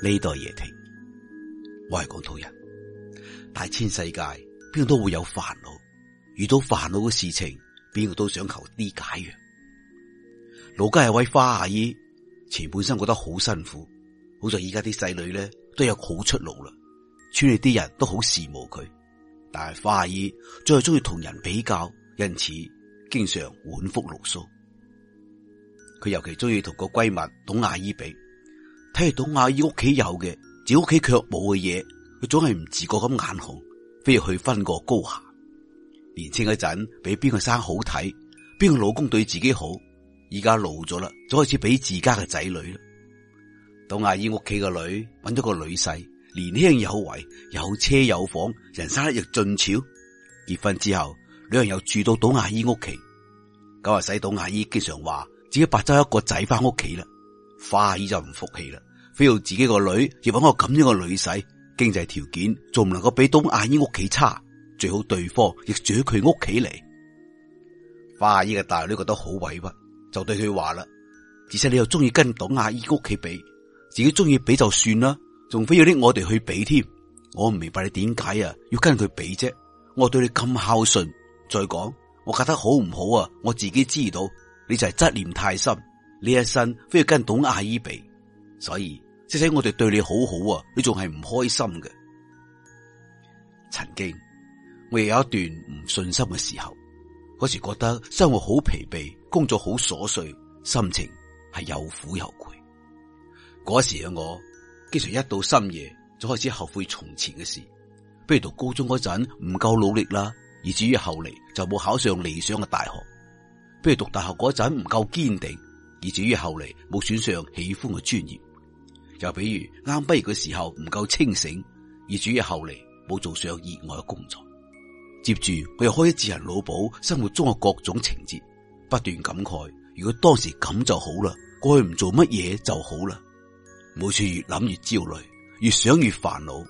呢代夜聽，我係廣東人。大千世界，邊個都會有煩惱。遇到煩惱嘅事情，邊個都想求啲解藥。老家有位花阿姨，前半生覺得好辛苦，好在依家啲細女呢都有好出路啦。村裏啲人都好羨慕佢，但係花阿姨最係中意同人比較，因此經常滿腹牢騷。佢尤其中意同個閨蜜董阿姨比。睇到董阿姨屋企有嘅，自己屋企卻冇嘅嘢，佢總係唔自覺咁眼紅，非要去分個高下。年青嗰陣俾邊個生好睇，邊個老公對自己好，而家老咗啦，就開始俾自家嘅仔女啦。董阿姨屋企個女揾咗個女婿，年輕有為，有車有房，人生一日俊俏。結婚之後，兩人又住到董阿姨屋企，咁啊，使董阿姨經常話自己白爭一個仔翻屋企啦，花姨就唔服氣啦。非要自己個女，要搵個咁樣個女婿，經濟條件仲唔能夠比董阿姨屋企差，最好對方亦住喺佢屋企嚟。花阿姨嘅大女覺得好委屈，就對佢話啦：，而且你又中意跟董阿姨屋企比，自己中意比就算啦，仲非要拎我哋去比添，我唔明白你點解啊要跟佢比啫？我對你咁孝順，再講，我嫁得好唔好啊？我自己知道，你就係執念太深，你一生非要跟董阿姨比，所以。即使我哋對你好好啊，你仲係唔開心嘅。曾經我亦有一段唔信心嘅時候，嗰時覺得生活好疲憊，工作好瑣碎，心情係又苦又攰。嗰時嘅我經常一到深夜就開始後悔從前嘅事，比如讀高中嗰陣唔夠努力啦，以至於後嚟就冇考上理想嘅大學，比如讀大學嗰陣唔夠堅定，以至於後嚟冇選上喜歡嘅專業。就比如啱畢業嘅時候唔夠清醒，以至於後嚟冇做上熱愛嘅工作。接住佢又開始自行腦補生活中嘅各種情節，不斷感慨，如果當時咁就好啦，過去唔做乜嘢就好啦。每次越諗越焦慮，越想越煩惱，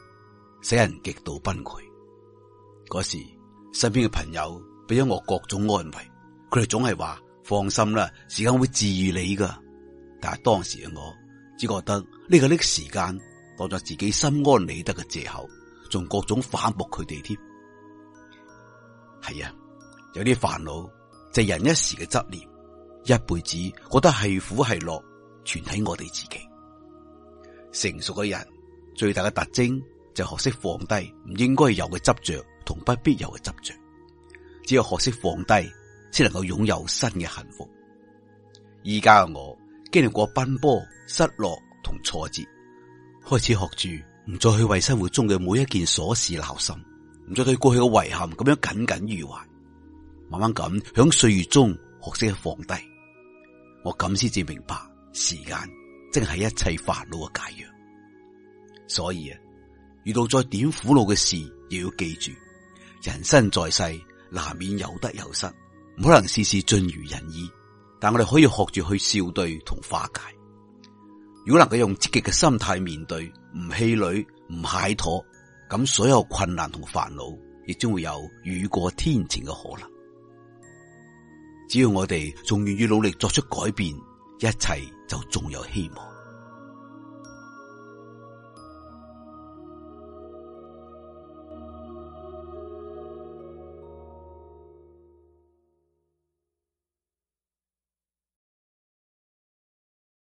使人極度崩潰。嗰時身邊嘅朋友俾咗我各種安慰，佢哋總係話，放心啦，時間會治愈你噶。但係當時嘅我。只覺得呢、呢個呢個時間當作自己心安理得嘅借口，仲各種反駁佢哋添。係啊，有啲煩惱，就係、人一時嘅執念，一輩子覺得係苦係樂，全喺我哋自己。成熟嘅人最大嘅特徵就係學識放低，唔應該有嘅執着同不必有嘅執着，只有學識放低，先能夠擁有新嘅幸福。而家嘅我。經歷過奔波、失落同挫折，開始學住唔再去為生活中嘅每一件瑣事鬧心，唔再對過去嘅遺憾咁樣耿耿於懷，慢慢咁響歲月中學識放低。我咁先至明白，時間正係一切煩惱嘅解藥。所以啊，遇到再點苦惱嘅事，亦要記住，人生在世難免有得有失，唔可能事事盡如人意。但我哋可以學住去笑對同化解。如果能夠用積極嘅心態面對，唔氣餒，唔懈怠，咁所有困難同煩惱，亦將會有雨過天晴嘅可能。只要我哋仲願意努力作出改變，一切就仲有希望。